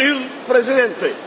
il presidente.